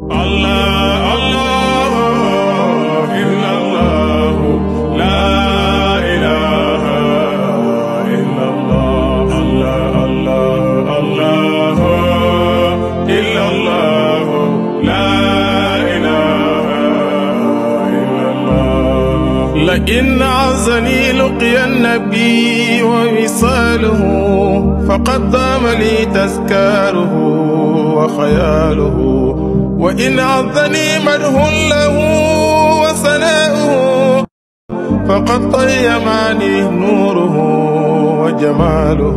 الله إلا الله لا إله إلا الله الله إلا الله لا إله إلا الله لئن عزني لقي النبي ووصاله فقد دام لي تذكاره وخياله وإن عظني مدح له وثناؤه فقد طيمني نوره وجماله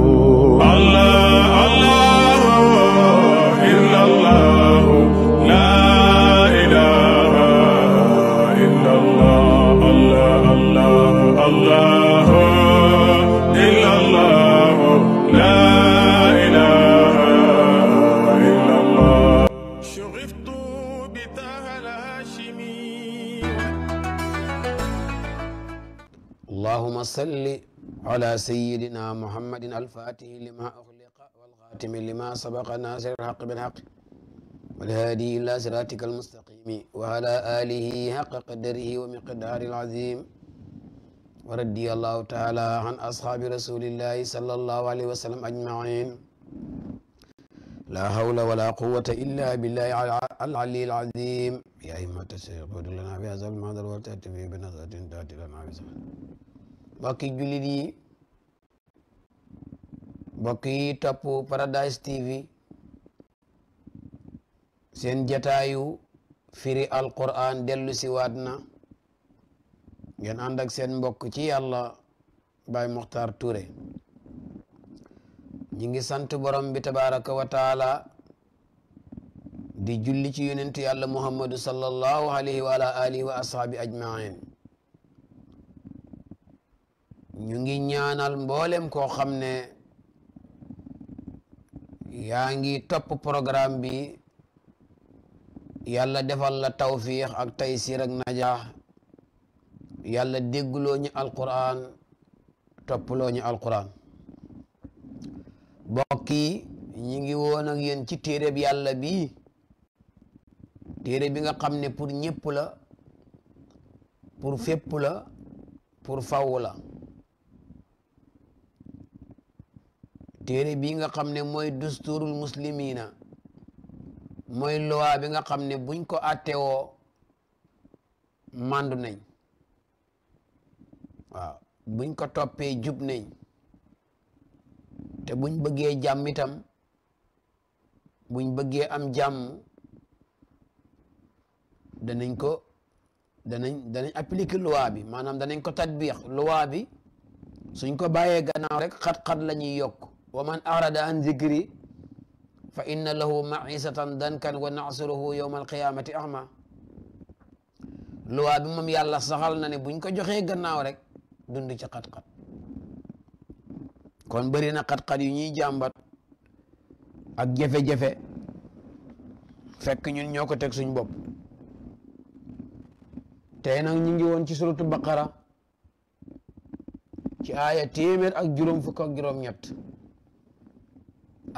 الله وسل على سيدنا محمد الفاتح لما أغلق والغاتم لما سبق ناصر الحق بالحق والهادي إلى صراطك المستقيم وعلى آله حق قدره ومقدار العظيم وردي الله تعالى عن أصحاب رسول الله صلى الله عليه وسلم أجمعين لا حول ولا قوة إلا بالله العلي العظيم يا إما تسير لنا بهذا المعذر وتأتي به بنظرة تأتي لنا بزمان mbokki jullit yi mbokk yi topp Paradise TV seen jataayu firi alquran dellu si waat na ngeen ànd ak seen mbokk ci yàlla Baye Mokhtar Touré ñi ngi sant borom bi tabaraka wa taala di julli ci yonentu yàlla muhammadu sallallahu alayhi wa ala wa ashaabi ajmain ñu ngi ñaanal mboolem koo xam ne yaa ngi topp programme bi yàlla defal la tawfiix ak taysir ak najaax yàlla déggloo ñu alquran topploo ñu alquran bokk yi ñu ngi woon ak yéen ci téere bi yàlla bi téere bi nga xam ne pour ñépp la pour fépp la pour faw la téere bii nga xam ne mooy dusturul muslimina mooy loi bi nga xam ne buñ ko attewoo mandu nañ waaw buñ ko toppee jub nañ te buñ bëggee jàmm itam buñ bëggee am jàmm danañ ko danañ danañ appliquer loi bi maanaam danañ ko tatbiix loi bi suñ ko bàyyee gannaaw rek xat-xat la ñuy yokk wa man arada an zikri fa inna lahu maisatan dankan wa nasuruhu yowma alqiyamati ahma luwaa bi moom yàlla saxal na ne buñ ko joxe gannaaw rek dund ci xat kon bëri na xat yu ñuy jàmbat ak jafe-jafe fekk ñun ñoo ko teg suñ bopp tey nag ñu ngi woon ci suratu baqara ci aaya téeméer ak juróom fukk ak juróom ñett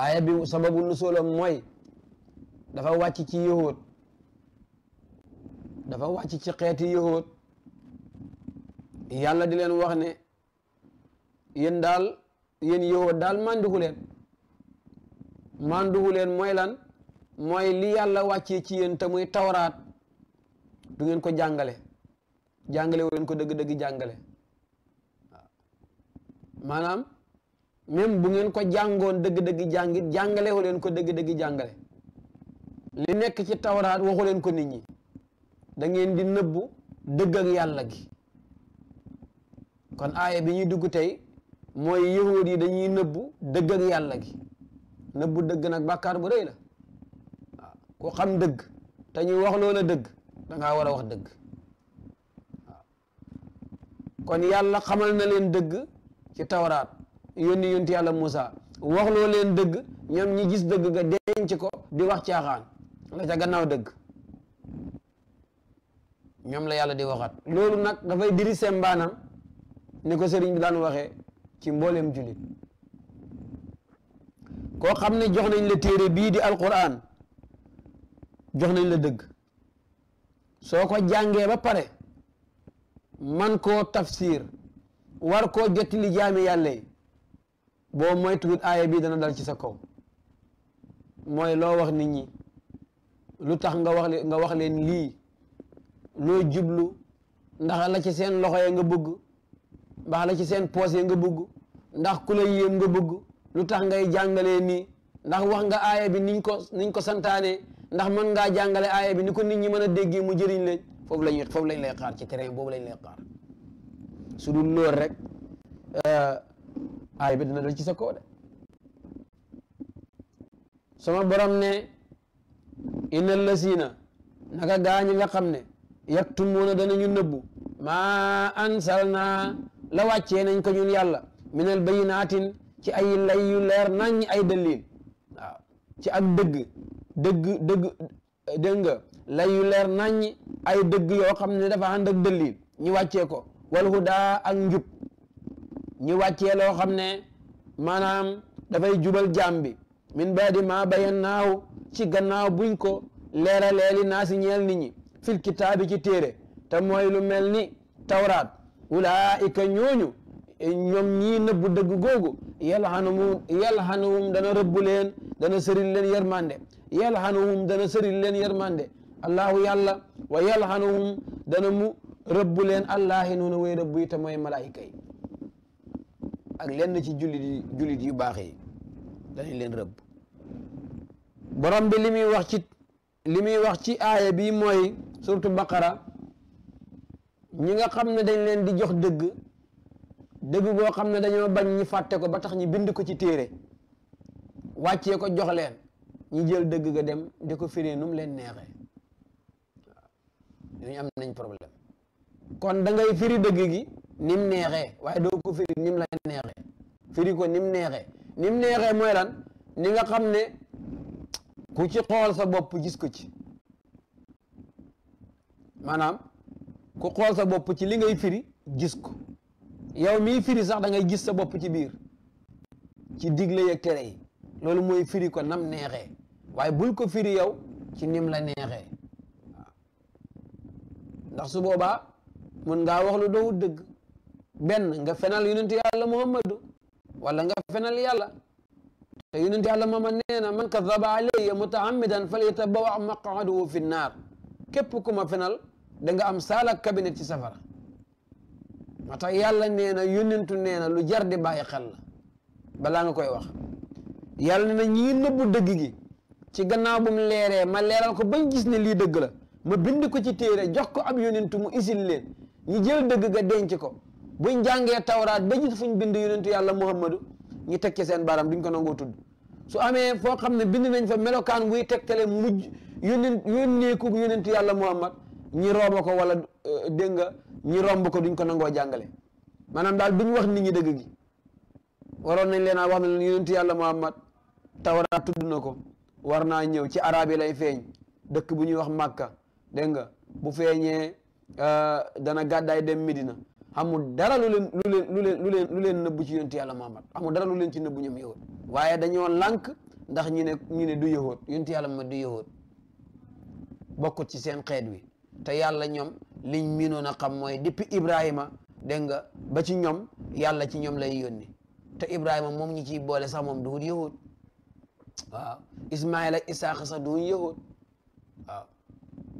aaya bi sababu nusoolam mooy dafa wàcc ci yahood dafa wàcc ci xeeti yahood yàlla di leen wax ne yéen daal yéen yahood daal manduhu leen manduhu leen mooy lan mooy li yàlla wàccee ci yéen te muy tawraat du ngeen ko jàngale jàngale wu leen ko dëgg-dëgg jàngale waaw même bu ngeen ko jàngoon dëgg-dëgg jàngit jàngalewu leen ko dëgg-dëgg jàngale li nekk ci tawraat waxu leen ko nit ñi dangeen di nëbbu dëgg ak yàlla gi kon aaya bi ñuy dugg tey mooy yahuud yi dañuy nëbbu dëgg yàlla gi nëbbu dëgg nag bàkkaar bu rëy la waaw ku xam dëgg te ñuy wax loola dëgg da war a wax dëgg kon yàlla xamal na leen dëgg ci tawraat yonti yónti musa wax Musa, len deug ñoom ñi gis deug ga denc ko di wax xaan la ca gannaaw deug ñom la yalla di lolu nak da fay diri sembana, banam ni ko serigne bi daan waxe ci mbollem julit ko xamne jox nañ la téré bi di alquran jox nañ la deug soko ko ba pare man ko tafsir war ko jotti li jami yalla boo moytuwul aaya bi dana dal ci sa kaw mooy loo wax nit ñi lu tax nga wax nga wax leen lii loo jublu ndax la ci seen loxo ya nga bëgg ndax la ci seen poos yee nga bëgg ndax ku la yéem nga bëgg lu tax ngay jàngale nii ndax wax nga aaya bi niñ ko niñ ko santaane ndax mën ngaa jàngale aaya bi ni ko nit ñi mën a déggee mu jëriñ leen foofu lañ foofu lañ lay xaar ci terrain boobu lañ lay xaar su dul loolu rek euh, aay bi dina dal ci sa kaw de sama borom ne innal lasiina naka gaañi nga xam ne da yaktumuuna danañu nëbbu maa na la wàccee nañ ko ñun yàlla minal bayinaatin ci ay lay yu leer nañ ay dalil waaw ci ak dëgg dëgg dëgg dégg nga yu leer nañ ay dëgg yoo xam ne dafa ànd ak dalil ñu wàccee ko wal hudaa ak njub ñu wàccee loo xam ne maanaam dafay jubal jaam bi min baadi maa bayan naaw ci gannaaw buñ ko leera leeli naa si ñeel nit ñi fil kitaabi ci téere te mooy lu mel ni tawraat ulaa'ika ñooñu ñoom ñii nëbbu dëgg googu yalhanuhum yalhanuhum dana rëbbu leen dana sëril leen yermande yalhanuhum dana sëril leen yermande allahu yàlla wa yalhanuhum dana mu rëbbu leen allahi nuuna way rëbbu yi te mooy malaayika yi ak lenn ci jullit yi jullit yu baax yi danañ leen rëbb borom bi li muy wax ci li muy wax ci aaya bii mooy surtout baqara ñi nga xam ne dañ leen di jox dëgg dëgg boo xam ne dañoo bañ ñi fàtte ko ba tax ñi bind ko ci téere wàccee ko jox leen ñi jël dëgg ga dem di ko firee nu mu leen neexee waaw ñooñu am nañ problème kon da firi dëgg gi nim neexee waaye doo ko firi nim la neexee firi ko nim neexee nim neexee mooy lan ni nga xam ne ku ci xool sa bopp gis ko ci maanaam ku xool sa bopp ci li ngay firi gis ko yow mii firi sax da ngay gis sa bopp ci biir ci digle yeeg tere yi loolu mooy firi ko nam neexee waaye bul ko firi yow ci nim la neexee ndax su boobaa mun ngaa wax lu dowut dëgg benn nga fenal yonentu yàlla muhammadu wala nga fenal yàlla te yonentu yàlla mooma nee na man kadaba alayya mutaamidan falyatabawa maqaduhu fi nnaar képp ku ma fenal danga am saala cabinet ci safara moo tax yàlla nee na yonentu lu jar di bàyyi xel la balaa nga koy wax yàlla nee na ñii nëbbu dëgg gi ci gannaaw bu mu leeree ma leeral ko bañ gis ne lii dëgg la ma bind ko ci téere jox ko ab yonentu mu isil leen ñu jël dëgg ga denc ko buñ jàngee tawraat ba gis fuñ bind yonentu yàlla muhammadu ñi teg ci seen baram duñ ko nangoo tudd su amee foo xam ne bind nañ fa melokaan wuy tegtale mujj yónent yónneeku yonentu yàlla muhammad ñi rooba ko wala euh, dégg nga ñi romb ko duñ ko nangoo jàngale maanaam daal duñ wax nit ñi dëgg gi waroon nañ leen a wax ne leen yonentu yàlla muhammad tawraat tudd na ko war naa ñëw ci araab yi lay feeñ dëkk bu ñuy wax màkka dégg nga bu feeñee euh, dana gàddaay dem Medina amul dara lu leen lu leen lu leen lu leen lu ci yonti yàlla Muhammad amul dara lu leen ci nëbbu ñoom yahud waaye dañoo lànk ndax ñu ne ñu ne du yahud yonti yàlla Muhammad du yahud bokkut ci seen xeet wi te yàlla ñoom liñ miinoon a xam mooy depuis Ibrahima dégg nga ba ci ñoom yàlla ci ñoom lay yónni te Ibrahima moom ñi ciy boole sax moom duhut yahud waaw Ismaayil ak Isaaxa sax duñ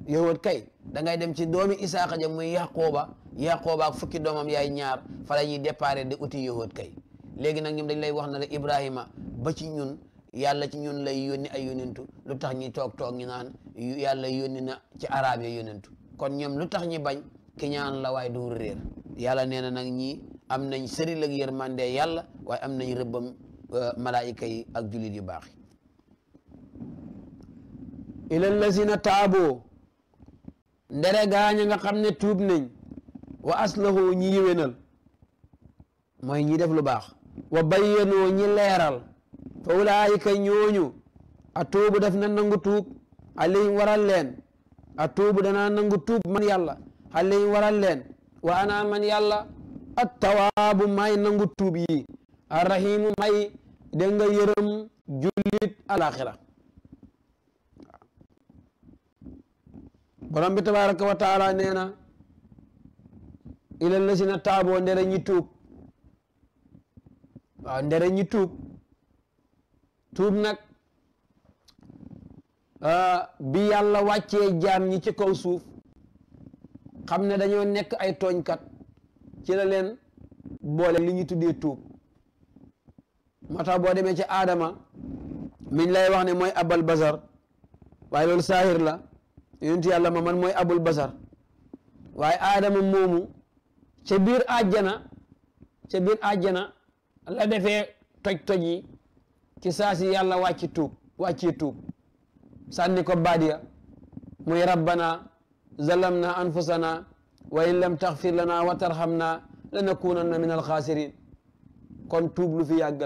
yowat kay da ngay dem ci doomi Isaaxa ja muy Yaqooba Yaqooba ak fukki doomam yaay ñaar fa la ñuy déparé di uti yowat kay léegi nag ñoom dañ lay wax na la Ibrahima ba ci ñun yàlla ci ñun lay yónni ay yónentu lu tax ñi toog toog ñu naan yàlla yónni na ci araab ya kon ñoom lu tax ñi bañ ki ñaan la waaye duur yàlla nee na nag ñii am nañ sëri ak mande yàlla waaye am nañ rëbbam euh, malaayika yi ak julit yu baax yi ila lazina taabo ndere gaaña nga xam ne tuub nañ wa aslahu ñi yëwénal mooy ñi def lu baax wa bayyanoo ñi leeral fa ulaayika ñooñu a tuubu daf na nangu tuub alayhim waral leen a tuubu danaa nangu tuub man yàlla alayhim waral leen wa ana man yàlla at tawaabu may nangu tuub yi arrahimu may dégg nga yërëm jullit borom bi tabaraka wa taala nee na ilal la si ñi tuub waaw ndere ñi tuub tuub nag ah, bi yàlla wàccee jaam ñi ci kaw suuf xam ne dañoo nekk ay tooñkat ci la leen boole li ñu tuddee tuub moo tax boo demee ci aadama miñ lay wax ne mooy abal basar waaye loolu saahir la yonent yàlla ma man mooy abul basar waaye aadama moomu ca biir àjjana ca biir àjjana la defee toj-toj yi yàlla wàcci tuub wàcci tuub sànni ko baadiya muy rabbana zalamna anfusana wa in lam taxfir lana wa tarxamna lanakunanna min alxaasirin kon tuub lu fi yàgg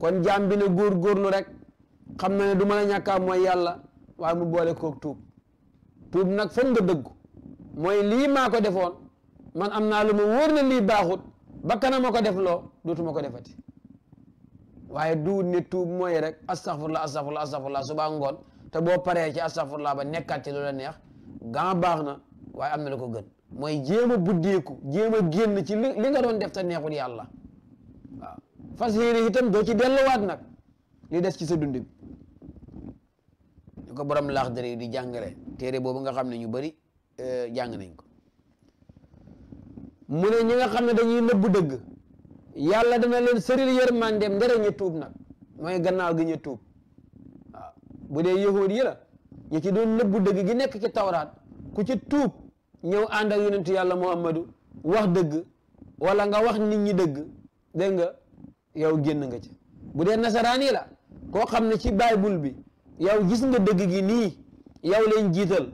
kon jaam bi ne rek xam na ne du mën a ñàkkaa yàlla waaye mu boole koog tuub tuub nag foog nga dëggu mooy lii maa ko defoon man am naa lu ma wër na lii baaxut ba kana ma ko def loo dootuma ko defati waaye duut ne tuub mooy rek astaghfirullah astaghfirullah astaghfirullah suba ngoon te boo paree ci astaghfirullah ba nekkaat ci loola neex gan baax na waaye am na la ko gën mooy jéem a buddeeku jéem a génn ci li nga doon def te neexul yàlla waaw fas yéene itam doo ci delluwaat nag li des ci sa dund bi ñu ko borom laax dëre di jàngale téere boobu nga xam na ñu bari euh, jàng nañ ko mu ne ñu nga xam ne dañuy nëbb dëgg yàlla dana leen sëril yërmandeem ndere ñu tuub nag mooy gannaaw gi ñu tuub waaw bu dee yahuud yi ñu ci doon nëbb dëgg gi nekk ci tawraat ku ci tuub ñëw ànd ak yonentu yàlla muhammadu wax dëgg wala nga wax nit ñi dëgg dégg nga yow génn nga ci bu dee nasaraan yi la koo xam ne ci bible bi yow gis nga dëgg gi nii yow leen jiital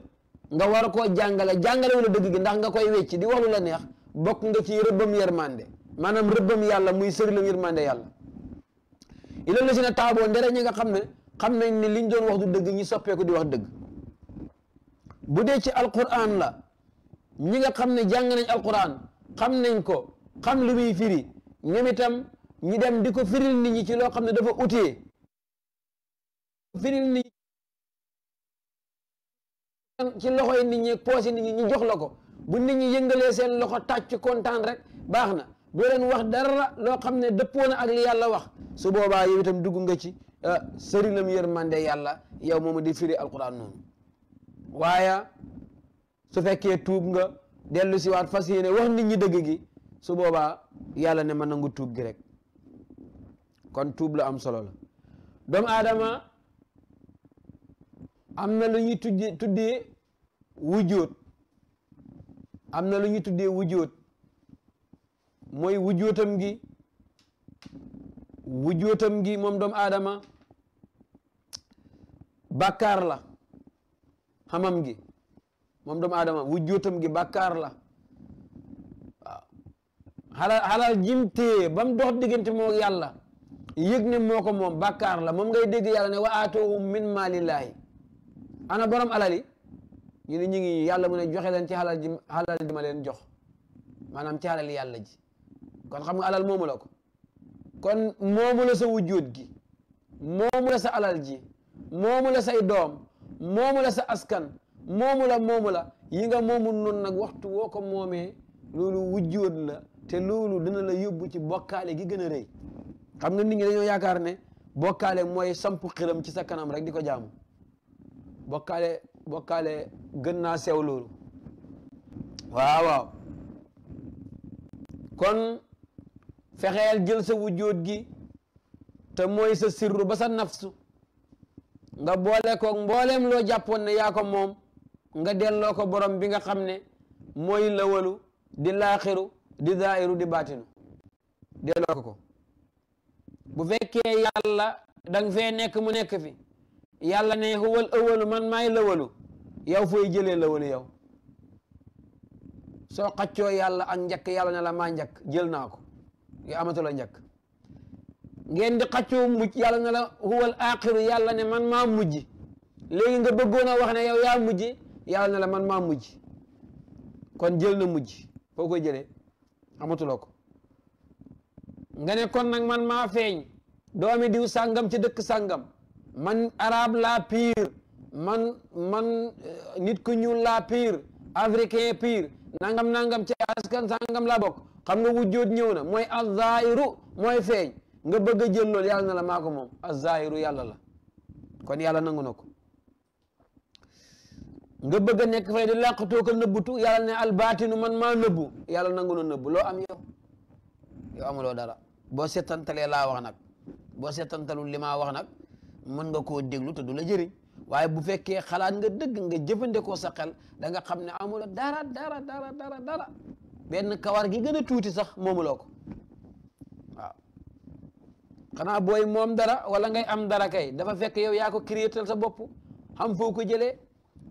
nga war koo jàngale jàngale wala dëgg gi ndax nga koy wecc di wax lu la neex bokk nga ci rëbbam yërmande maanaam rëbbam yàlla muy sërilam mande yàlla ilan la si ne taaboo ndere ñi nga xam ne xam nañ ni liñ doon wax du dëgg ñi soppeeku di wax dëgg bu dee ci alquran la ñi nga xam ne jàng nañ alquran xam nañ ko xam li muy firi ñoom itam ñi dem di ko firil nit ñi ci loo xam ne dafa utee ci loxoy nit ñi poosi nit ñi ñu jox la ko bu nit ñi yëngalee seen loxo tàcc kontaan rek baax na bu wax dara loo xam ne dëpp na ak yàlla wax su boobaa yow itam dugg nga ci euh, sërilam yërmande yàlla yow moomu di firi alquran noonu waaye su fekkee tuub nga dellu si waat fas yéene wax nit dëgg gi su boobaa yàlla ne ma nangu tuub gi rek kon tuub la am solo la doomu aadama am na lu ñuy tuddee tuddee wujjóot am na lu ñuy tuddee wujjóot mooy wujjóotam gi wujjóotam gi moom doomu aadama bàkkaar la xamam gi moom doomu aadama wujjóotam gi bàkkaar la waaw xalal xalal jim téye ba mu dox diggante moo yàlla yëg ne moo ko moom bàkkaar la moom ngay dégg yàlla ne wa aatoohum min maalillaahi ana borom alal yi ñu ne ñu ngi yàlla mu ne joxe leen ci alal ji alal ji ma leen jox maanaam ci alal yàlla ji kon xam nga alal moomu la ko kon moomu la sa wujjoot gi moomu la sa alal ji moomu la say doom moomu la sa askan moomu la moomu la yi nga moomul noonu nag waxtu woo ko moomee loolu wujjoot la te loolu dana la yóbbu ci bokkaale gi gën a rëy xam nga nit ñi dañoo yaakaar ne bokkaale mooy samp xiram ci sa kanam rek di ko jaamu bokkaale bokkaale gën naa sew loolu waaw waaw kon fexeel jël sa wujjoot gi te mooy sa sirru ba sa nafsu nga boole ko mbooleem loo jàppoon ne yaa ko moom nga delloo ko borom bi nga xam ne mooy la walu di laaxiru di zaahiru di baatinu delloo ko ko bu fekkee yàlla dang fee nekk mu nekk fi yàlla ne huwal awalu man maay lawalu yow fooy jëlee lawalu yow soo xaccoo yàlla ak njëkk yàlla ne la maa njëkk jël naa ko yow amatu la njëkk ngeen mujj yàlla ne huwal axiru yàlla ne man maa mujj léegi nga bëggoon a wax ne yow yaa mujj yàlla ne la man maa mujj kon jël na mujj foo ko jële amatuloo ko nga ne kon nag man maa feeñ doomi diw sàngam ci dëkk sàngam man arabe la pire man man euh, nit ku ñuul la pire africain piir nangam nangam ci askan sangam la bokk xam nga wujjoot ñëw na mooy azzahiru mooy feeñ nga bëgg a jël nala yàlla na moom azzahiru yàlla la kon yàlla nangu ko nga bëgg nekk fay di làqatoo ko nëbbutu yàlla ne albaatinu man maa nëbbu yàlla nangu na nëbbu am yow yow amuloo dara boo setantalee laa wax nag boo setantalul li maa wax nag mën nga koo déglu te du la jëriñ waaye bu fekke xalaat nga deug nga jëfandikoo sa xel da nga xamne amul dara dara dara dara dara ben kawar gi gëna tuuti sax moomuloo ko dara wala ngay am dara kay dafa fekk yow ya ko créétal sa bop xam foko jëlé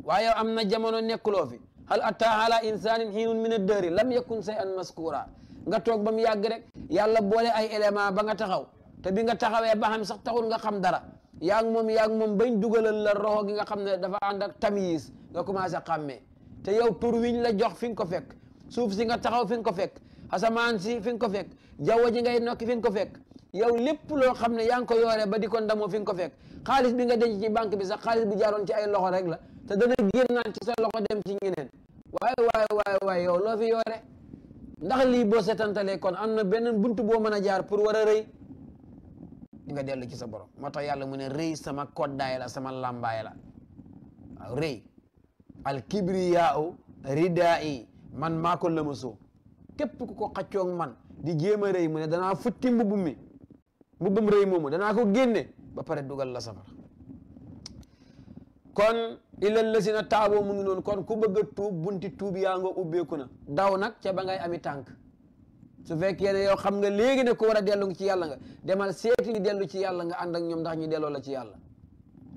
waye yow am na jamono nekkuloo fi hal atta ala insanin hinun min ad lam yakun say'an maskura nga tok bam yag rek yalla boole ay élément ba nga taxaw te bi nga taxawé ba xam sax taxul nga xam dara yaa ngi moom yaa ngi moom bañ dugalal la roxo gi nga xam ne dafa ànd ak tamis nga commencé xàmmee te yow tur wiñ la jox fi nga ko fekk suuf si nga taxaw fi ko fekk asamaan si fi nga ko fekk jaww ji ngay nokki fi ko fekk yow lépp loo xam ne yaa ngi ko yooree ba di ko ndamoo fi nga ko fekk xaalis bi nga denc ci banque bi sax xaalis bu jaaroon ci ay loxo rek la te dana génnaan ci sa dem ci ñeneen waaye waaye waaye waaye yow loo fi yoore ndax lii boo seetantalee kon am na benn buntu boo mën a jaar pour war a rëy nga dellu ci sa borom moo tax yàlla mu ne rëy sama koddaay la sama làmbaay la waaw rëy al kibriyaa ridaa man maa ko lëmasoo képp ku ko xaccoog man di jéem a rëy mu ne danaa futti mbubbum mi mbubbum rëy moomu danaa ko génne ba pare dugal la safara kon illal lazina taaboo mu ngi noonu kon ku bëgg tuub bunti tuub yaa nga ubbeeku na daw nag ca ba ngay ami tànk su fekkee ne yow xam nga léegi ne ko war a dellu ci yàlla nga demal seeti ñu dellu ci yàlla nga ànd ak ñoom ndax ñu delloo la ci yàlla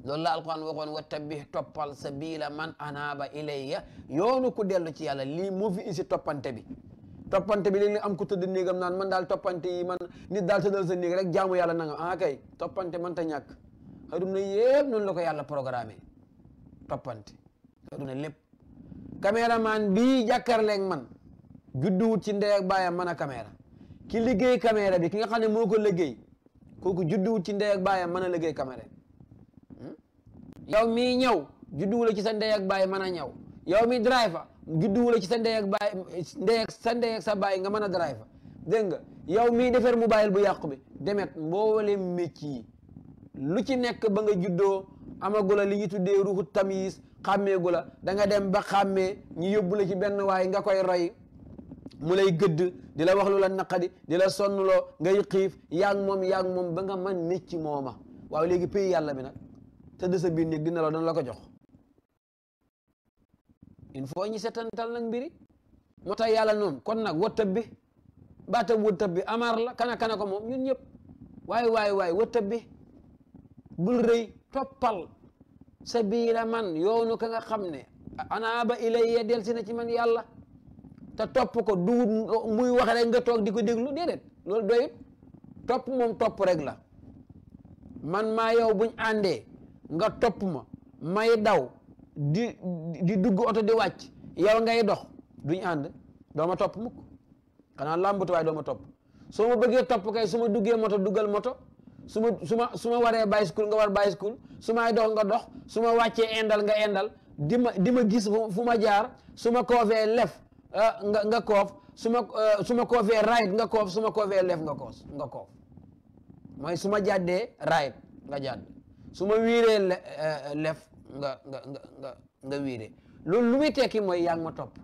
loolu la alquran waxoon wa tabbi toppal sabila man anaaba ilayya yoonu ku dellu ci yàlla lii moo fi isi toppante bi toppante bi léeg-léeg am ku tëdd néegam naan man daal toppante yi man nit daal tëddal sa néeg rek jaamu yàlla nangam ah kay toppante man ta ñàkk xadum na yëpp noonu la ko yàlla programme toppante xadum na lépp caméraman bii judduwut ci ndey ak baayam mën a caméra ki liggéey caméra bi ki nga xam ne moo ko liggéey kooku judduwut ci ndey ak baayam mën a liggéey caméra bi hmm? yow mi ñëw judduwula ci sa ndey ak baay mën a ñëw yow mi driver judduwula ci sa ndey ak baay sa ndey sa baay nga mën a driver dégg nga yow mii defar mobile bu yàqu bi demet mbooleem mécc yi lu ci nekk ba nga juddoo amagula li ñu tuddee ruuxu tamis xàmmeegu la da nga dem ba xàmmee ñu yóbbu ci benn waay nga koy roy mu lay gëdd di la wax lu la naqadi di la lo ngay xif yang mom yang mom ba nga man ne ci mooma waaw legi pey yalla bi te de sa bi néeg dina la setan la ko jox il faut ñu setantal nak mbiri mota yalla non kon nak wotab bi baatab wotab bi amar la kana kana ko mom ñun ñep way way way wotab bi bul sabila man yoonu ka nga xamne ana ba ilayya del si ci man yalla ta top ko du muy wax rek nga tok di deglu dedet lol doy top topp top topp rek la man ma yow buñ andé nga topp ma may daw di di dugg auto di wacc yow ngay dox duñ and do ma topp mukk kana làmbatu waaye do ma top. soo ma bëggee topp kay suma duggé moto duggal moto suma suma suma waré bicycle nga war bicycle suma may dox nga dox suma waccé endal nga endal dima dima gis fuma jaar suma lef nga nga kof suma suma koofee right nga kof suma koofee left nga kof nga kof moy suma jadde right nga jadd suma wiré left nga nga nga nga wiré lool lu muy tekki moy yaang ma top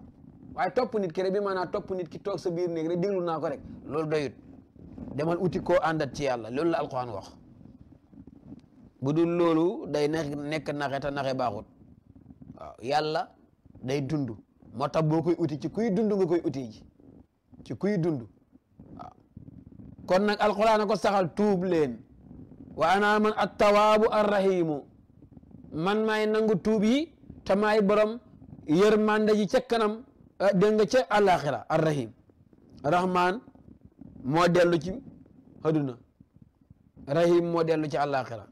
waye top nit ki rek bi top topp nit ki tok sa bir néeg rek déglu nako rek lool doyut demal outil ko andat ci yalla nek la alquran wax budul lolou day nek naxe te naxe baxut day dundou moo tax boo koy uti ci kuy dund nga koy uti ji ci kuy dund kon nag alquran a ko saxal tuub leen wa ana man attawaabu arrahimu man maay nangu tuub yi te maay borom yërmande ji ca kanam eh, dégg nga ca àllaaxira arrahim rahman moo dellu ci aduna rahim moo dellu ci àllaaxira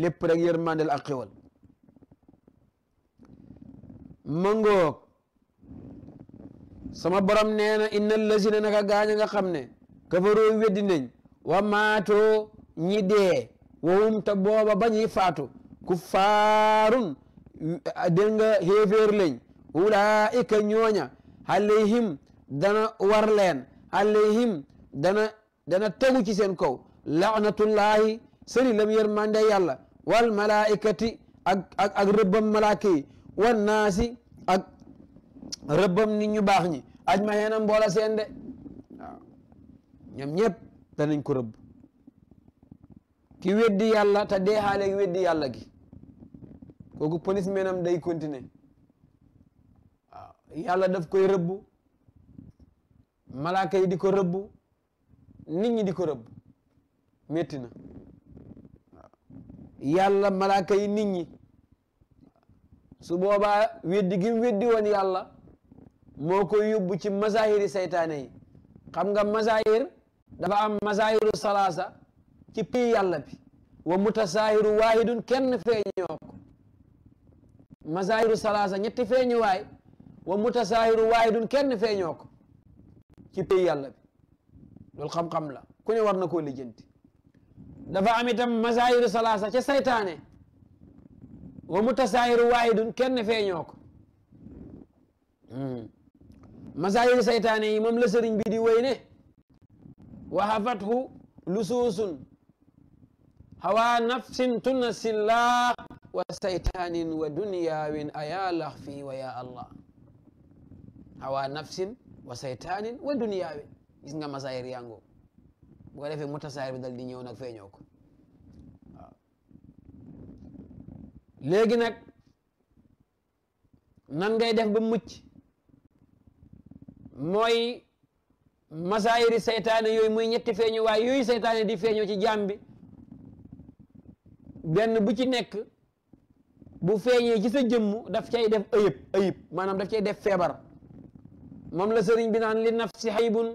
lépp rek yërmande la ak mangoog sama borom nee na inna lazina naka gaaña nga xam ne kafaroo weddi nañ wa maatoo ñi dee wowum ta booba ba ñuy faatu ku faarun dégg nga xéeféer lañ ulaika ñooña alayhim dana war leen alayhim dana dana tegu ci seen kaw laanatullahi sëri lam yërmande yàlla wal malaikati ak ak ak rëbbam wannaasi ak rëbbam nit ñu baax ñi aj ma xeena mboola seen de waaw ñoom ñëpp danañ ko rëbb ki weddi yàlla te dee xaale gi weddi yàlla gi kooku police menam day continuer waaw daf koy rëbbu malaaka yi di ko rëbbu nit ñi di ko rëbbu métti na yàlla malaaka yi nit ñi su boobaa weddi gi mu weddi woon yàlla moo koy yóbbu ci mazahiri seytaane yi xam nga mazahir dafa am mazahiru salaasa ci pii yàlla bi wa mutasahiru waahidun kenn feeñoo ko mazahiru salaasa ñetti feeñu waay wa mutasahiru waahidun kenn feeñoo ko ci pii yàlla bi loolu xam-xam la ku ne war na koo lijjanti dafa am itam mazahiru salaasa ca seytaane wa mutasaayiru waahidun kenn feeñoo ko hmm. masaayil saytaane moom la sëriñ bi di wéy ne wa hafathu lusuusun hawa nafsin tunasillah wa saytaanin wa dunyaawin ayaa laxfi wa yaa allah hawa nafsin wa saytaanin wa dunyaawin gis nga masaayir yango boo defee mutasaayir bi dal di ñëw nag feeñoo ko léegi nag nan ngay def ba mucc mooy masaayiri seytaane yooyu mooy ñetti feeñu waaye yooyu seytaane di feeñoo ci jaam bi benn bu ci nekk bu feeñee ci sa jëmm daf cay def ayib ayib maanaam daf cay def feebar moom la sëriñ bi naan li nafsi xaybun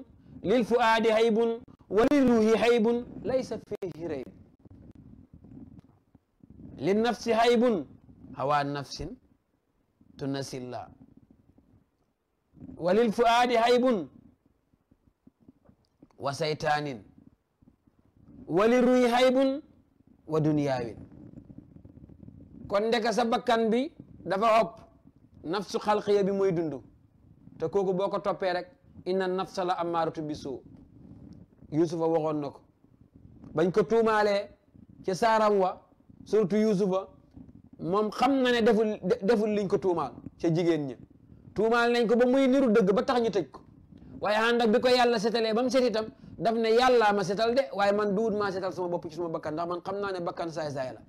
lil fuaadi xaybun wa lil ruuhi xaybun laysa fiihi rayb li nafsi haybun hawa nafsin tunasillah wa lil fuaadi haybun wa saytaanin wa li ruy haybun wa dunyaawin kon ndeka sa bakkan bi dafa xopp nafsu xalqiya bi mooy dund te kooku boo ko toppee rek inna nafsa la amaaratu bi suu yusufa waxoon na ko bañ ko tuumaalee saaram wa surtout yusufa moom xam na ne deful deful liñ ko tuumaal ca jigéen ña tuumaal nañ ko ba muy niru dëgg ba tax ñu tëj ko waaye ànd ak bi ko yàlla setalee ba mu set itam daf ne yàllaa ma setal de waaye man duut maa setal sama bopp ci suma bakkan ndax man xam naa ne bakkan saay-saay la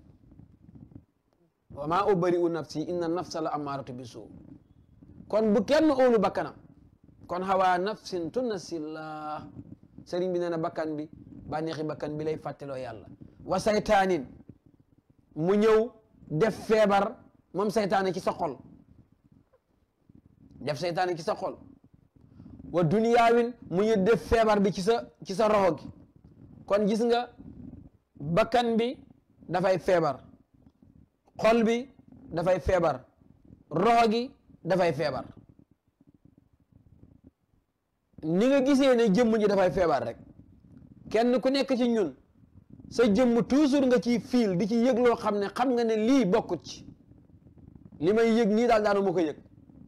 wa maa ubari'u nafsi inna nafsa la amaaratu bi suu kon bu kenn óolu bakkana kon xawaa nafsin tunassillah sëriñ bi nee na bakkan bi bànneexi bakkan bi lay fàtteloo yàlla wa saytaanin mu ñëw def feebar moom seytaane ci sa xol def seytaane ci sa xol wa duniyaawin mu ñu def feebar bi ci sa ci sa roxo gi kon gis nga bakkan bi dafay feebar xol bi dafay feebar roxo gi dafay feebar ni nga gisee ne jëmm ji dafay feebar rek kenn ku nekk ci ñun sa jëmm toujours nga ci fiil di ci yëg loo xam ne xam nga ne lii bokkut ci li may yëg nii daal daanu ma ko yëg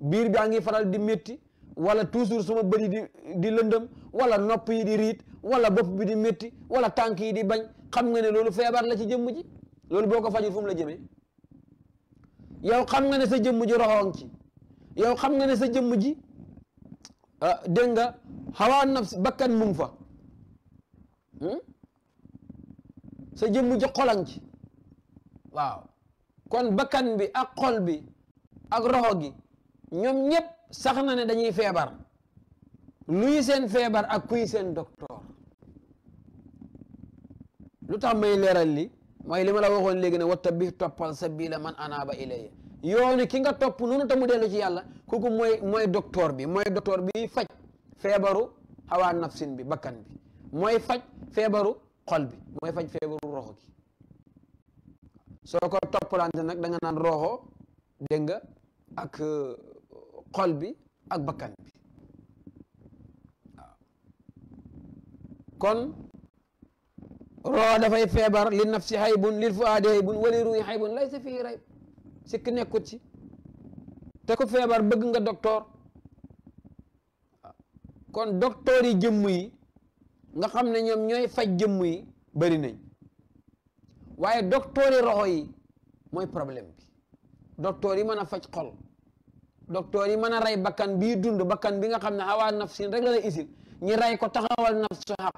biir baa ngi faral di métti wala toujours suma bëri di di lëndëm wala nopp yi di riit wala bopp bi di métti wala tànk yi di bañ xam nga ne loolu feebar la ci jëmm ji loolu boo ko fajul fu la jëmee yow xam nga ne sa jëmm ji roxoon ci yow xam nga ne sa jëmm ji ah, dégg nga xawaa nafs bakkan mu ngi fa hmm? sa jëmm ji xolan ci waaw kon bakkan bi ak xol bi ak roxo gi ñoom ñëpp sax na ne dañuy feebar luy seen feebar ak kuy seen docteur lu tax may leeral li mooy li ma la waxoon léegi ne watta bi toppal sabila man ba ilayya yoonu ki nga topp noonu ta mu dellu ci yàlla kooku mooy mooy docteur bi mooy docteur bi faj feebaru xawaa nafsin bi bakkan bi mooy faj feebaru xol bi mooy faj feebaru roxo gi soo ko toppalante nag da nga naan roxo dégg nga ak euh, xol bi ak bakkan bi waaw kon roxo feebar li nafsi xaybun lil fuaadi xaybun wali ruuyi xaybun sikk nekkut ci te ku feebar bëgg nga docteur kon docteur yi jëmm yi nga xam ne ñoom ñooy faj jëmm yi nañ waaye docteur yi roxo yi mooy problème bi docteur yi mën a faj xol docteur yi mën a rey bakkan bii dund bakkan bi nga xam ne hawaa nafsin rek la la isil ñi rey ko taxawal nafsu xaq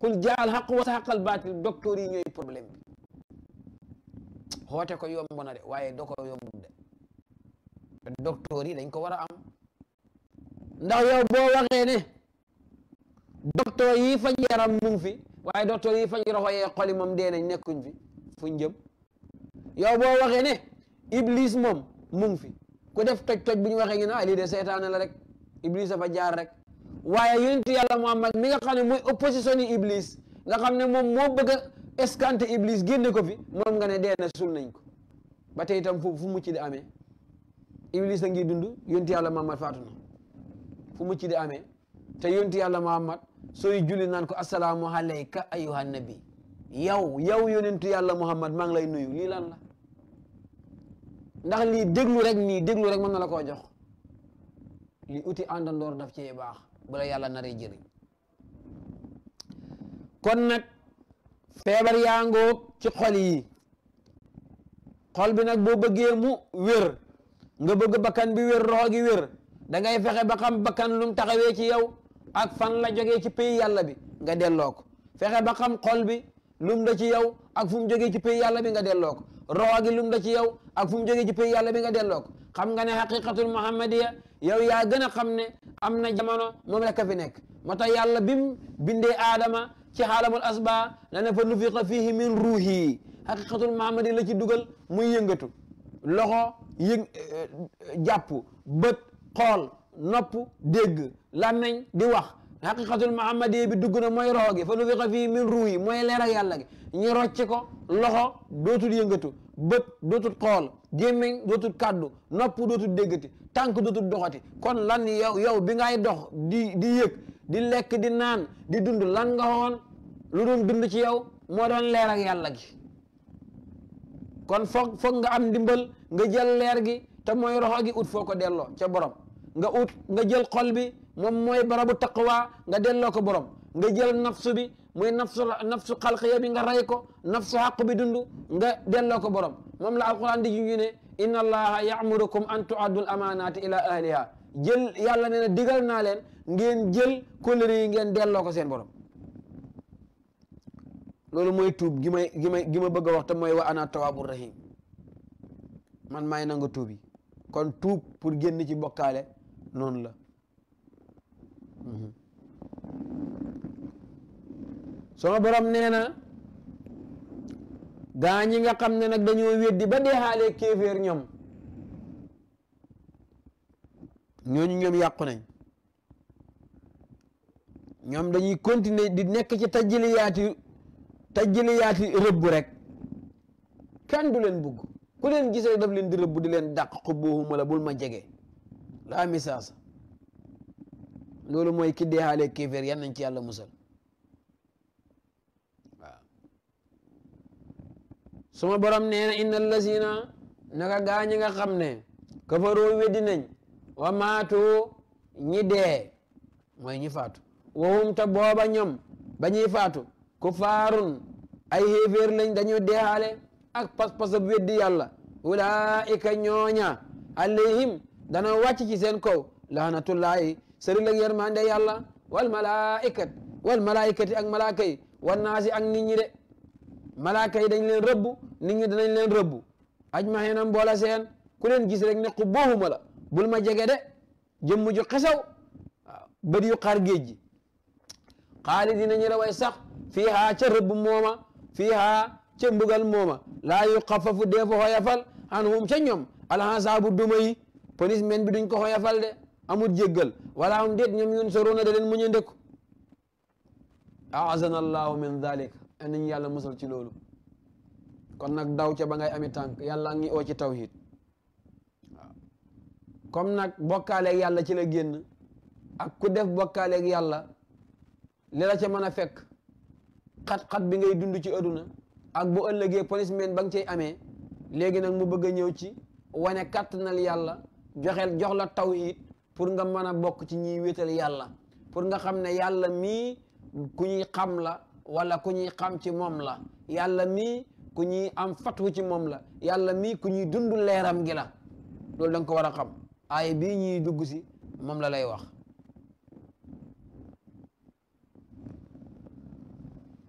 kul jaal xaq wa xaqal baatil docteur yi ñooy problème bi xoote ko yomb na de waaye doo ko yomb de docteur yi dañ ko war a am ndax yow boo waxee ne docteur yii faj yaram mu ngi fi waaye docteur yi faj roxo yee xoli moom dee nañ nekkuñ fi fuñ jëm yow boo waxee ne iblis moom mu fi ku def toj-toj bu waxee ngi ne ah lii de seytaane la rek iblis dafa jaar rek waaye yonent yàlla Muhammad mi nga xam ne mooy opposition yi iblis nga xam ne moom moo bëgg a escanté iblis génne ko fi moom nga ne dee na nañ ko ba tey tam fu fu mucc di amee iblis a ngi dund yonent yàlla Muhammad faatu na fu mucc di amee te yonent yàlla Muhammad sooy julli naan ko asalaamu alayka ayuha nabi yow yow yonentu yàlla muhammad maa ngi lay nuyu lii lan la ndax lii déglu rek ni déglu rek mën na la koo jox li uti àndandoor daf cee baax bala yàlla naree jëriñ kon nag feebar yaa ngoog ci xol yi xol bi nag boo bëggee mu wér nga bëgg bakkan bi wér roxo gi wér da ngay fexe ba xam bakkan lu mu taxawee ci yow ak fan la jógee ci pays yàlla bi nga delloo ko fexe ba xam kol bi lum da ci yow ak fu mu jógee ci pays yàlla bi nga delloo ko rowa gi lum da ci yow ak fu mu jógee ci pays yàlla bi nga delloo ko xam nga ne xaqiqatul muhammadiya yow yaa gën a xam ne am na jamono moom rek a fi nekk moo tax yàlla bim bindee aadama ci xaalamul asba la ne fa nufiqa fihi min ruuhi xaqiqatul muhammadiya la ci dugal muy yëngatu loxo yëg jàpp bët xool nopp dégg làmmeñ di wax xaqiqatul muhammadiyya bi dugg na mooy roxo gi fa nufixa fii min ruuyi mooy leer ak yàlla gi ñu rocc ko loxo dootul yëngatu bët dootul xool gémmiñ dootul kàddu nopp dootul déggati tànk dootul doxati kon lan yow yow bi ngay dox di di yëg di lekk di naan di dund lan nga xoon lu doon dund ci yow moo doon leer ak yàlla gi kon foog foog nga am ndimbal nga jël leer gi te mooy roxo gi ut foo ko delloo ca borom nga ut nga jël xol moom mooy barabu taqwa nga delloo ko borom nga jël nafsu bi muy nafsu nafsu xalqiya bi nga ray ko nafsu xaq bi dund nga delloo ko borom moom la alquran di ñu ne inna allaha yaamurukum an tuaddul amanati ila ahliha jël yàlla nee na digal naa leen ngeen jël kóllëre ngeen delloo ko seen borom loolu mooy tuub gi may gi may gi ma bëgg a wax te mooy wa ana tawaabu rahim man maay nangu tuub kon tuub pour génn ci bokkaale noonu la Mm-hmm. sama borom nee na gaa ñi nga xam ne nag dañoo weddi ba deexaale kéeféer ñoom ñooñu ñoom yàqu nañ ñoom dañuy continuer di nekk ci tajjiliyaati tajjiliyaati rëbb rek kan du leen bugg ku leen gise daf leen di rëbb di leen dàq xubbuhuma la bul ma jege la misaasa loolu mooy ki deexaale kéeféer yan nañ ci yàlla musal waaw suma borom nee na inna lazina naka gaa ñi nga xam ne kafaroo weddi nañ wa maatu ñi dee mooy ñi faatu wahum ta booba ñoom ba ñuy faatu ku faarun ay xéeféer lañ dañu deexaale ak pas-pas bu weddi yàlla ulaika ñooña alayhim dana wàcc ci seen kaw laanatullaahi sëril ak yërmande yàlla wal malaikat wal malaikati ak malaaka yi wan naasi ak nit ñi de malaaka yi dañ leen rëbbu nit ñi danañ leen rëbbu ajmahiina mboola seen ku leen gis rek ne ku booxuma la bul ma jege de jëmm ju xesaw bët yu xaar géej gi xaalidina ñu raway sax fiihaa ca rëbb mooma fiihaa ca mbugal mooma laa yu xafafu dee fa xoyafal an hum ca ñoom alhansaabu duma yi police men bi duñ ko xoyafal de amul jéggal wala am déet ñoom yun sorona da leen muñu ndëkku aazana allahu min dalik anañ yàlla musal ci loolu kon nag daw ca ba ngay ami tànk yàlla ngi oo ci tawhid waaw comme nag bokkaaleeg yàlla ci la génn ak ku def bokkaaleeg yàlla li la ca mën a fekk xat-xat bi ngay dund ci aduna ak bu ëllëgee policeman ba nga cay amee léegi nag mu bëgg a ñëw ci wane kàttanal yàlla joxel jox la tawhid pour nga mën a bokk ci ñiy wéetal yàlla pour nga xam ne yàlla mii ku ñuy xam la walla ku ñuy xam ci moom la yàlla mii ku ñuy am fatwu ci moom la yàlla mii ku ñuy dund leeram gi la loolu da nga ko war a xam aaya bii ñuy dugg si moom la lay wax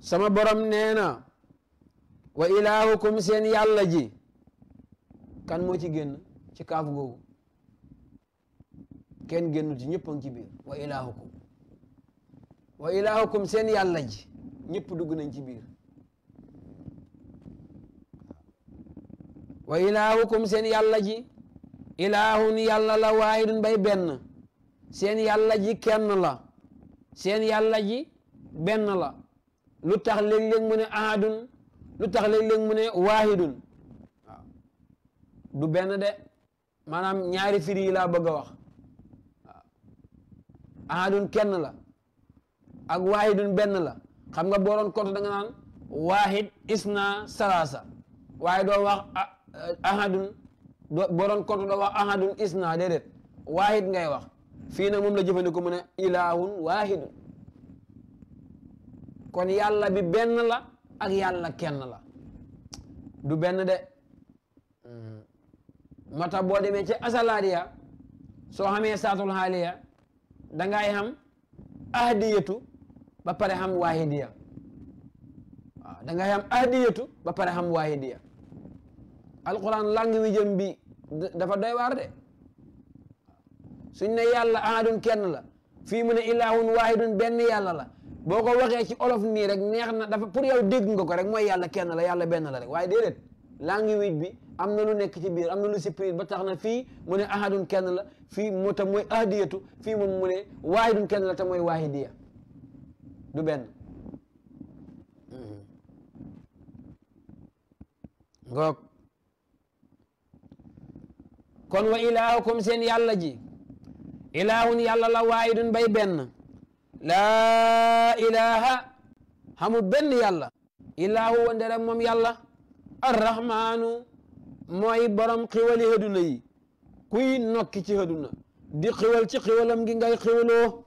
sama borom nee na wa ilaahukum seen yàlla ji kan moo ci génn ci kaaf googu kenn génnul ci ñëpp ci biir wa ilaahukum wa ilaahukum seen yàlla ji ñëpp dugg nañ ci biir wa ilaahukum seen yàlla ji ilaahun yàlla la waahidun bay benn seen yàlla ji kenn la seen yàlla ji benn la lu tax léeg ahadun lu tax léeg-léeg mu ne waahidun du benn de maanaam ñaari firi yi laa bëgg a wax ahadun kenn la ak waahidun benn la xam nga boo doon compte da nga naan waahid isna salaasa waaye doo wax ahadun boo compte doo wax ahadun isna déedéet waahid ngay wax fii nag moom la jëfandikoo mu ne ilaahun waahidun kon yàlla bi benn la ak yàlla kenn la du benn de moo tax boo demee ci asalaariya soo xamee saatul xaaliya dangay xam ahdiyatu ba pare xam waahidiya waaw dangay xam ahdiyatu ba pare xam waahidiya alquran lang wi jëm bi dafa doy waar de suñ ne yàlla ahadun kenn la fii mu ne ilaahun waahidun benn yàlla la boo ko waxee ci olof nii rek neex na dafa pour yow dégg nga ko rek mooy yàlla kenn la yàlla benn la rek waaye language bi am na lu nekk ci biir am na ba tax na fii mu ne ahadun kenn la fii moo tam fii moom mu ne waahidun la te mooy waahidiya du benn mm-hmm. kon wa ilaahukum seen yàlla ji ilaahun yàlla la waahidun bay benn laa benn yàlla ilaahu wa ndere moom yàlla arrahmaanu mooy borom xiwali haduna yi kuy nokki ci haduna di xiwal ci xiwalam gi ngay xiwaloo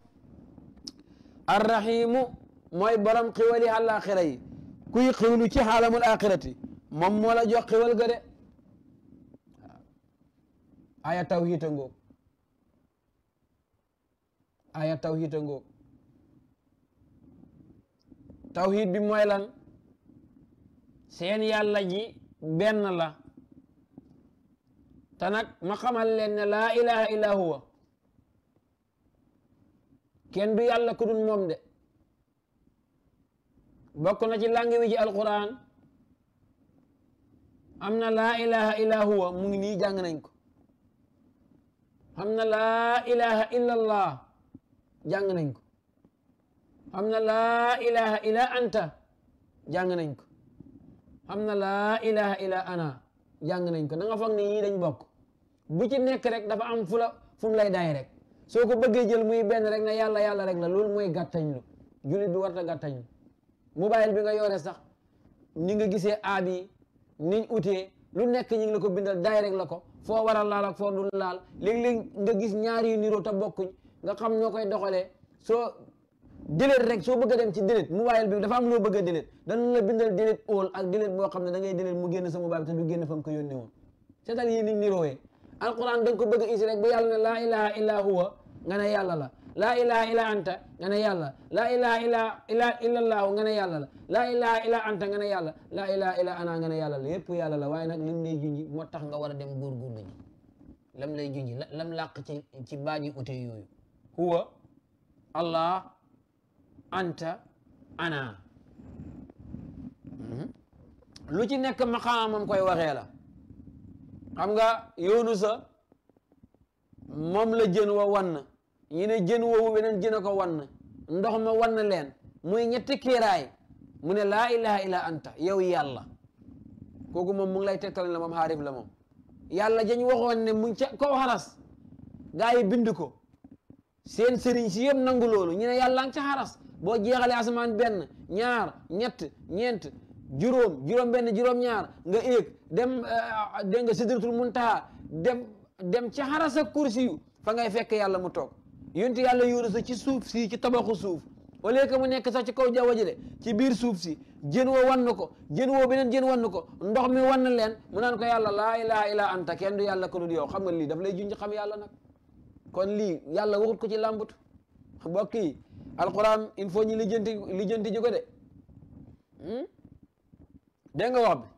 arrahimu mooy borom xiwali àllaaxira yi kuy xiwlu ci xaalamul axirati moom moo la jox xiwal ga de aya tawhid a ngoog aya tawhid a ngoog tawhid bi mooy seen yàlla ji benn la te nag ma xamal leen ne ilaha illa huwa kenn du yàlla ku dul moom de bokk na ci langi wi ji alquran am na ilaha illa huwa mu ngi nii jàng nañ ko am na ilaha illa allah jàng nañ ko am na ilaha illa anta jàng nañ ko xam na laa ilaha illa ana jàng nañ ko na nga foog ni yii bokk bu ci nekk rek dafa am fula la fu mu lay daay rek soo ko bëggee jël muy benn rek na yàlla yàlla rek la loolu mooy gàttañlu jullit bi warta gàttañlu mobile bi nga yore sax ni nga gisee aab yi ute utee lu nekk ñu la ko bindal daay rek la ko foo war a laal foo dul laal léeg-léeg nga gis ñaari yu niroo te bokkuñ nga xam ñoo koy doxalee delete rek soo bëgg a dem ci delete mobile bi dafa am loo bëgg a delete dañu la bindal delete all ak delete boo xam ne da ngay delete mu génn sa mobile te du génn fa mu ko yónnee woon seetal yéen nit ñi roowee alquran da nga ko bëgg a isi rek ba yàlla ne laa ilaha illa huwa nga ne yàlla la laa ilaha illa anta nga ne yàlla laa ilaha illa illa illallahu nga ne yàlla la laa ilaha illa anta nga ne yàlla laa ilaha illa ana nga ne yàlla la yépp yàlla la waaye nag lim lay junji moo tax nga war a dem góorgóorlu ji lam lay junji lam làq ci ci baaji ute yooyu huwa allah anta ana hmm? lu ci nekk maqaamam koy waxee la xam nga yoonusa moom la jën wa wann ñu ne jën woowu weneen jën a ko wann ndox ma wann leen muy ñetti kiiraay mu ne laa ilaha illa anta yow yàlla kooku moom mu ngi lay tegtal la mom xaarif la moom yàlla jañ waxoon ne mu ca kaw xaras gaa yi bind ko seen sëriñ si yëpp nangu loolu ñu ne yàlla nga ca boo jeexalee asamaan benn ñaar ñett ñeent juróom juróom benn juróom ñaar nga éeg dem euh, dégg nga sidratul muntaha dem dem ca sa kursi yu fa ngay fekk yàlla mu toog yonent yàlla Yuunus ci suuf si ci tabaxu suuf au lieu que mu nekk sax ci kow jaww ji de ci biir suuf si jën woo wan na ko jën woo beneen jën wan na ko ndox mi wan na leen mu naan ko yàlla laa ilaha illa anta kenn du yàlla ko dul yow xam nga lii daf lay junj xam yàlla nag kon lii yàlla waxut ko ci làmbut alquran il faut ñu lijjanti lijjanti ji ko de hmm? dégg nga wax bi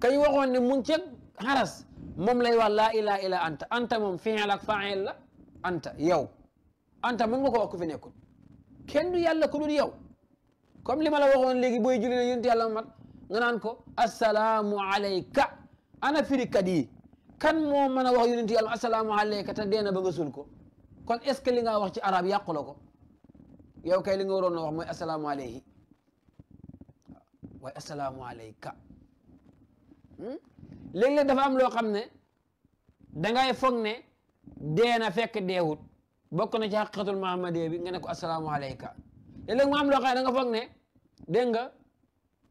kay waxoon ne mun ceeg xaras moom lay wax laa ilaha illa anta anta moom fi fiil ak fail la anta yow anta mën nga ko wax ku fi nekkul kenn du yàlla ku dul yow comme li ma la waxoon léegi booy julli la yonent yàlla mat nga naan ko assalaamu alayka ana firikat yi kan moo mën a wax yonent yàlla assalaamu alayka te deena ba nga sul ko kon est ce que li nga wax ci arab yàqu la ko yow kay li nga waroon a wax mooy asalaamu aleyhi waaye asalaamu hmm? dafa am loo xam ne dangay foog ne dee na fekk deewut bokk na ci xaqiqatul muhammadiyya bi nga ne ko asalaamu aleyka mu am loo xam ne da nga foog ne dégg nga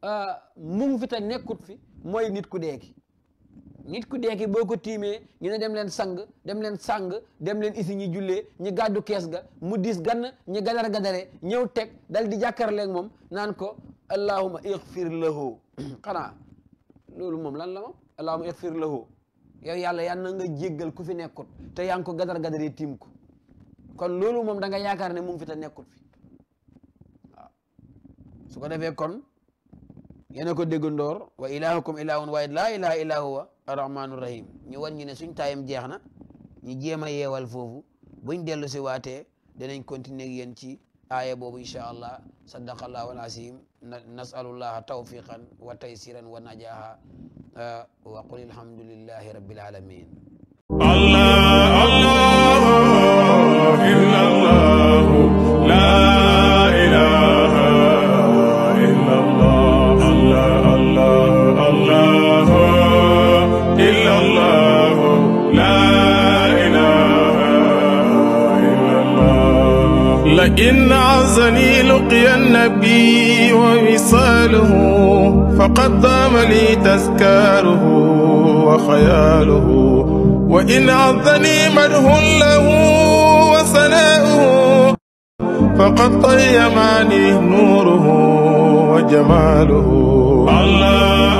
euh, mu ngi fi te nekkut fi mooy nit ku dee ki nit ku dee boo ko tiimee ñu ne dem leen sang dem leen sang dem leen isi ñi jullee ñi gàddu kees ga mu dis gann ñi gadar gadare ñëw teg dal di jàkkaarleeg moom naan ko allahuma ixfir lahu xanaa loolu moom lan la moom allahuma ixfir lahu yow yàlla yan na nga jéggal ku fi nekkut te yaa ko gadar gadaree tiim ko kon loolu moom danga nga yaakaar ne mu ngi fi te nekkut fi su ko defee kon yéena ko déggandoor wa ilahukum ilahun waaye laa ilaha illa arrahmaanu rahim ñu war ñu ne suñ taayam jeex na ñu jéem a yeewal foofu buñ dellu si waatee danañ continuer ak yéen ci aaya boobu incha allah sadaqallahu alazim nasalullaha tawfiqan wa taysiran wa najaha wa qul alhamdulillahi rabbil alamin لئن عزني لقي النبي ووصاله فقد دام لي تذكاره وخياله وإن عزني مره له وثناؤه فقد طيمني نوره وجماله الله